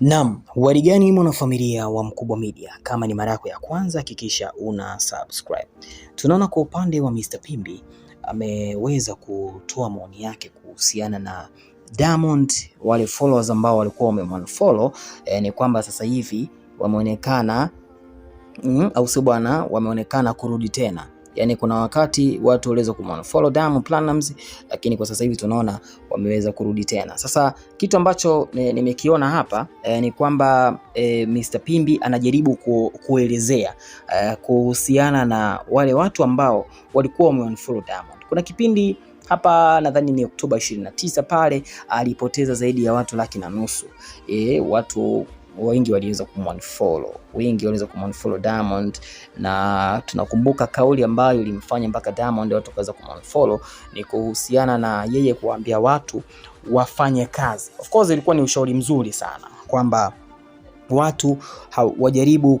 Naam, habari gani mwanafamilia wa Mkubwa Media? Kama ni mara yako ya kwanza hakikisha una subscribe. Tunaona kwa upande wa Mr. Pimbi ameweza kutoa maoni yake kuhusiana na Diamond, wale followers ambao walikuwa wamemfollow eh, ni kwamba sasa hivi wameonekana mm, au sio bwana, wameonekana kurudi tena yani kuna wakati watu waliweza kumfollow Diamond Platnumz, lakini kwa sasa hivi tunaona wameweza kurudi tena. Sasa kitu ambacho e, nimekiona ni hapa eh, ni kwamba eh, Mr Pimbi anajaribu ku, kuelezea eh, kuhusiana na wale watu ambao walikuwa wamemfollow Diamond. Kuna kipindi hapa nadhani ni Oktoba 29 pale alipoteza zaidi ya watu laki na nusu. E, watu wengi waliweza kumunfollow, wengi waliweza kumunfollow Diamond, na tunakumbuka kauli ambayo ilimfanya mpaka Diamond watu wakaweza kumunfollow ni kuhusiana na yeye kuwaambia watu wafanye kazi. Of course ilikuwa ni ushauri mzuri sana kwamba watu wajaribu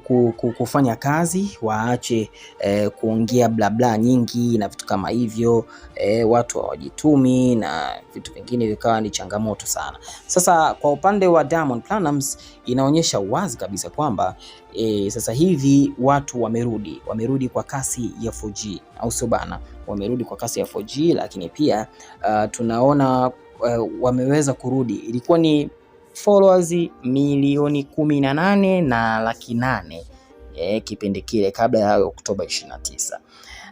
kufanya kazi, waache eh, kuongea blabla nyingi na vitu kama hivyo eh, watu hawajitumi na vitu vingine vikawa ni changamoto sana. Sasa kwa upande wa Diamond Platnumz inaonyesha wazi kabisa kwamba eh, sasa hivi watu wamerudi, wamerudi kwa kasi ya 4G au sio bana? Wamerudi kwa kasi ya 4G, lakini pia uh, tunaona uh, wameweza kurudi, ilikuwa ni followers milioni kumi na nane na laki nane e, kipindi kile kabla ya Oktoba 29,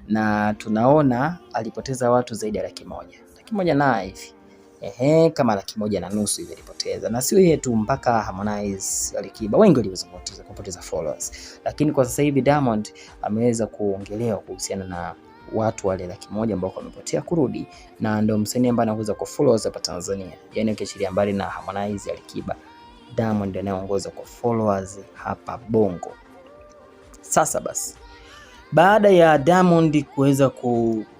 na tunaona alipoteza watu zaidi ya laki moja laki moja na hivi ehe, kama laki moja na nusu hivi alipoteza, na sio yeye tu, mpaka Harmonize, Alikiba, wengi waliweza kupoteza followers, lakini kwa sasa hivi Diamond ameweza kuongelewa kuhusiana na watu wale laki moja ambao wamepotea kurudi, na ndio msanii ambaye anakuza kwa followers hapa Tanzania, yani ukiachilia mbali na Harmonize, Alikiba, Diamond anayeongoza kwa followers hapa Bongo. Sasa basi baada ya Diamond kuweza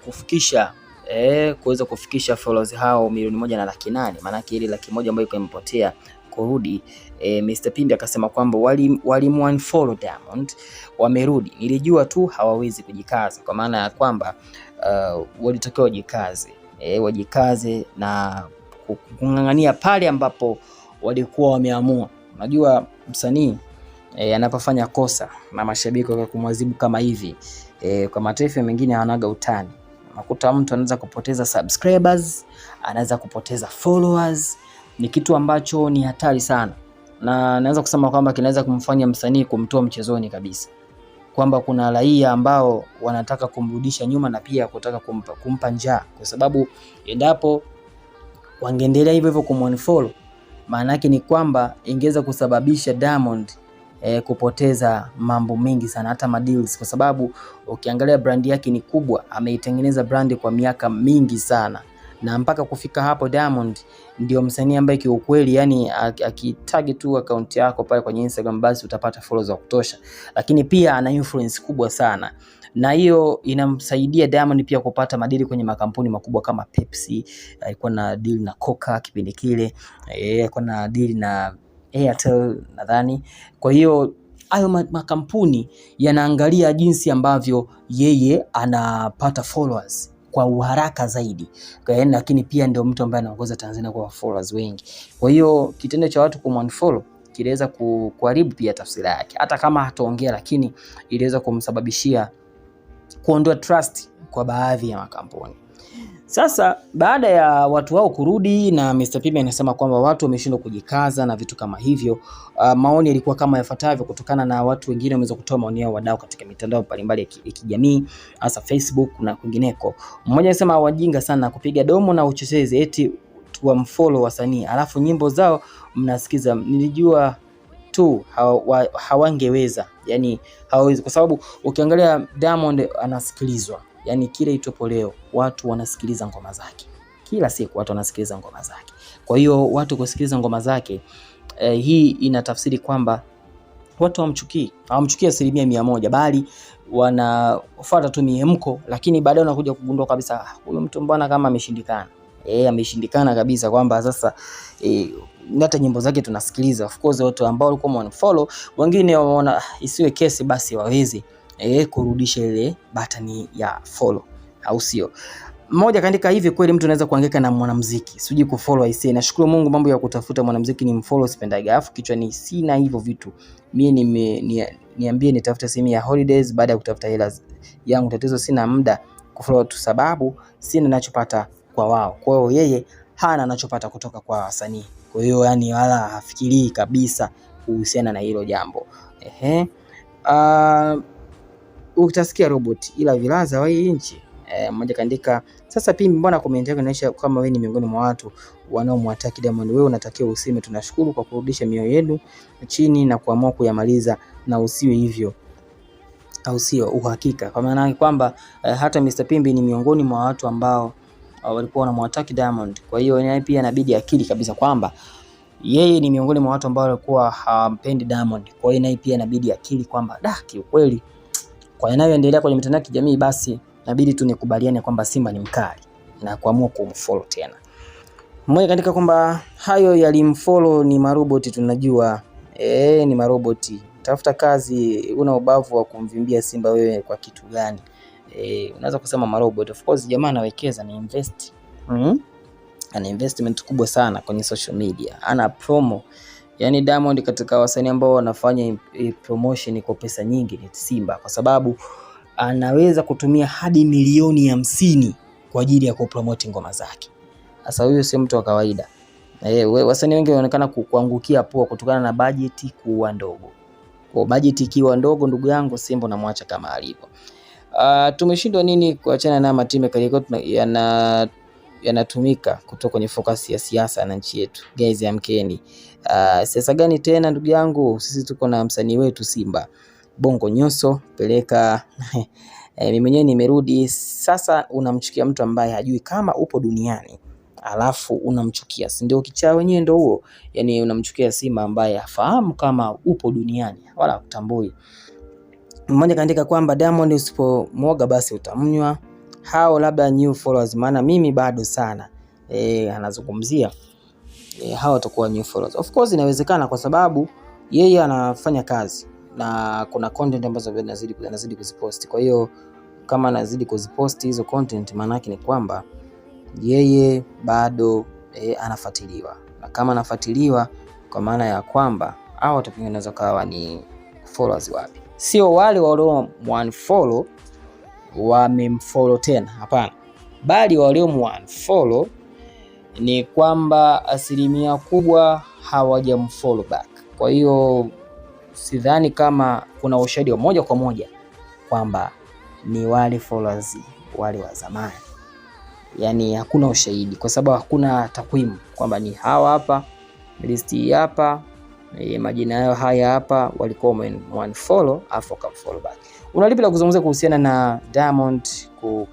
kufikisha eh, kuweza kufikisha followers hao milioni moja na laki nane maanake ile laki moja ambayo iko imepotea kurudi e, Mr Pindi akasema kwamba wali, wali unfollow Diamond wamerudi, nilijua tu hawawezi kujikaza, kwa maana ya kwamba uh, walitokea wajikaze e, wajikaze na kung'ang'ania pale ambapo walikuwa wameamua. Unajua msanii e, anapofanya kosa na mashabiki wa kumwazibu kama hivi e, kwa mataifa mengine hawanaga utani, unakuta mtu anaweza kupoteza subscribers, anaweza kupoteza followers ni kitu ambacho ni hatari sana, na naweza kusema kwamba kinaweza kumfanya msanii kumtoa mchezoni kabisa, kwamba kuna raia ambao wanataka kumrudisha nyuma na pia kutaka kumpa, kumpa njaa, kwa sababu endapo wangeendelea hivyo hivyo kumunfollow, maana yake ni kwamba ingeweza kusababisha Diamond E, kupoteza mambo mengi sana hata madeals, kwa sababu ukiangalia brandi yake ni kubwa, ameitengeneza brandi kwa miaka mingi sana na mpaka kufika hapo Diamond ndio msanii ambaye kiukweli, yani akitag tu account yako pale kwenye Instagram, basi utapata followers wa kutosha, lakini pia ana influence kubwa sana na hiyo inamsaidia Diamond pia kupata madili kwenye makampuni makubwa kama Pepsi. Alikuwa na deal na Coca kipindi kile, eh, alikuwa na deal na Airtel nadhani. Kwa hiyo hayo makampuni yanaangalia jinsi ambavyo yeye anapata followers kwa uharaka zaidi, lakini pia ndio mtu ambaye anaongoza Tanzania kwa followers wengi. Kwa hiyo kitendo cha watu kumunfollow kiliweza kuharibu pia tafsira yake, hata kama hataongea, lakini iliweza kumsababishia kuondoa trust kwa baadhi ya makampuni. Sasa baada ya watu wao kurudi na Mr. Pime anasema kwamba watu wameshindwa kujikaza na vitu kama hivyo. Uh, maoni yalikuwa kama yafuatavyo kutokana na watu wengine wameweza kutoa maoni yao wadau katika mitandao mbalimbali ya kijamii hasa Facebook na kwingineko. Mmoja anasema wajinga sana kupiga domo na uchochezi eti wa mfollow wasanii alafu nyimbo zao mnasikiza. Nilijua tu hawangeweza, yani hawawezi, kwa sababu ukiangalia Diamond anasikilizwa yani kila itopo leo watu wanasikiliza ngoma zake, kila siku watu wanasikiliza ngoma zake. Kwa hiyo watu kusikiliza ngoma zake eh, hii inatafsiri kwamba watu hawamchukii hawamchukii asilimia mia moja bali wanafuata tu miemko, lakini baadaye wanakuja kugundua kabisa ah, huyu mtu mbona kama ameshindikana. Eh, ameshindikana kabisa kwamba sasa e, hata nyimbo zake tunasikiliza. Of course watu ambao walikuwa wanamfollow wengine wanaona ah, isiwe kesi basi wawezi eh, kurudisha ile button ya follow, au sio? Mmoja kaandika hivi, kweli mtu anaweza kuhangaika na mwanamuziki siji kufollow aisee. Nashukuru Mungu mambo ya kutafuta mwanamuziki ni mfollow sipendaga, alafu ni sina hivyo vitu mie niambie ni, ni nitafuta sehemu ya holidays baada ya kutafuta hela yangu. Tatizo sina muda kufollow tu, sababu sina nachopata kwa wao. Kwa hiyo yeye hana anachopata kutoka kwa wasanii, kwa hiyo yani wala hafikirii kabisa kuhusiana na hilo jambo ehe. Uh, utasikia robot, ila vilaza wa hii nchi. E, mmoja kaandika sasa, pimi mbona comment yako inaonyesha kama wewe ni miongoni mwa watu wanaomwataki Diamond? Wewe unatakiwa useme tunashukuru kwa kurudisha mioyo yenu chini na kuamua kuyamaliza, na usiwe hivyo au sio? Uhakika kwa maana kwamba eh, hata Mr Pimbi ni miongoni mwa watu ambao eh, walikuwa wanamwataki Diamond. Kwa hiyo naye pia inabidi akili kabisa kwamba yeye ni miongoni mwa watu ambao walikuwa hawampendi Diamond. Kwa hiyo naye pia inabidi akili kwamba da, kiukweli kwa yanayoendelea kwenye mitandao ya kijamii, basi inabidi tu nikubaliane kwamba Simba ni mkali na kuamua kumfollow tena. Mmoja kaandika kwamba hayo yalimfollow ni maroboti, tunajua eh, ni maroboti. Tafuta kazi, una ubavu wa kumvimbia Simba wewe kwa kitu gani? E, unaweza kusema maroboti. Of course jamaa anawekeza, ni invest mm -hmm. Ana investment kubwa sana kwenye social media, ana promo Yaani Diamond katika wasanii ambao wanafanya promotion kwa pesa nyingi ni Simba, kwa sababu anaweza kutumia hadi milioni hamsini kwa ajili ya kupromoti ngoma zake. Sasa huyo si mtu wa kawaida. wasanii wengi wanaonekana kuangukia pua kutokana na bajeti kuwa ndogo. Kwa bajeti ikiwa ndogo, ndugu yangu, Simba namwacha kama alivyo. Uh, tumeshindwa nini kuachana na matime kaliko yana yanatumika kutoka kwenye focus ya siasa na nchi yetu. Guys, amkeni. Uh, siasa gani tena ndugu yangu? Sisi tuko na msanii wetu Simba Bongo Nyoso peleka E, mimi mwenyewe nimerudi sasa. Unamchukia mtu ambaye hajui kama upo duniani alafu unamchukia, si ndio? Kichaa wenyewe ndio huo, yani unamchukia Simba ambaye hafahamu kama upo duniani wala kutambui. Mmoja kaandika kwamba Diamond usipomwoga basi utamnywa hao labda new followers, maana mimi bado sana e, anazungumzia e, hao watakuwa new followers. Of course inawezekana kwa sababu yeye anafanya kazi na kuna content ambazo anazidi nazidi kuzipost. Kwa hiyo kama anazidi kuzipost hizo content, maana yake ni kwamba yeye bado e, anafuatiliwa, na kama anafuatiliwa kwa maana ya kwamba hao watu wanaweza kawa ni followers wapi, sio wale walio unfollow wamemfollow tena, hapana, bali waliomwanfollow ni kwamba asilimia kubwa hawajamfollow back. Kwa hiyo sidhani kama kuna ushahidi wa moja kwa moja kwamba ni wale followers wale wa zamani, yaani hakuna ushahidi kwa sababu hakuna takwimu kwamba ni hawa hapa listi hapa E, majina yao haya hapa, walikuwa wamemfollow afu wakamfollow back. Una lipi la kuzungumza kuhusiana na Diamond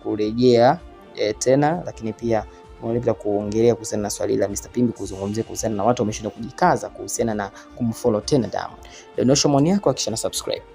kurejea e, tena lakini pia una la kuongelea kuhusiana na swali la Mr. Pimbi kuzungumzia kuhusiana na watu wameshindwa kujikaza kuhusiana na kumfollow tena Diamond? Dondosha maoni yako akisha na subscribe.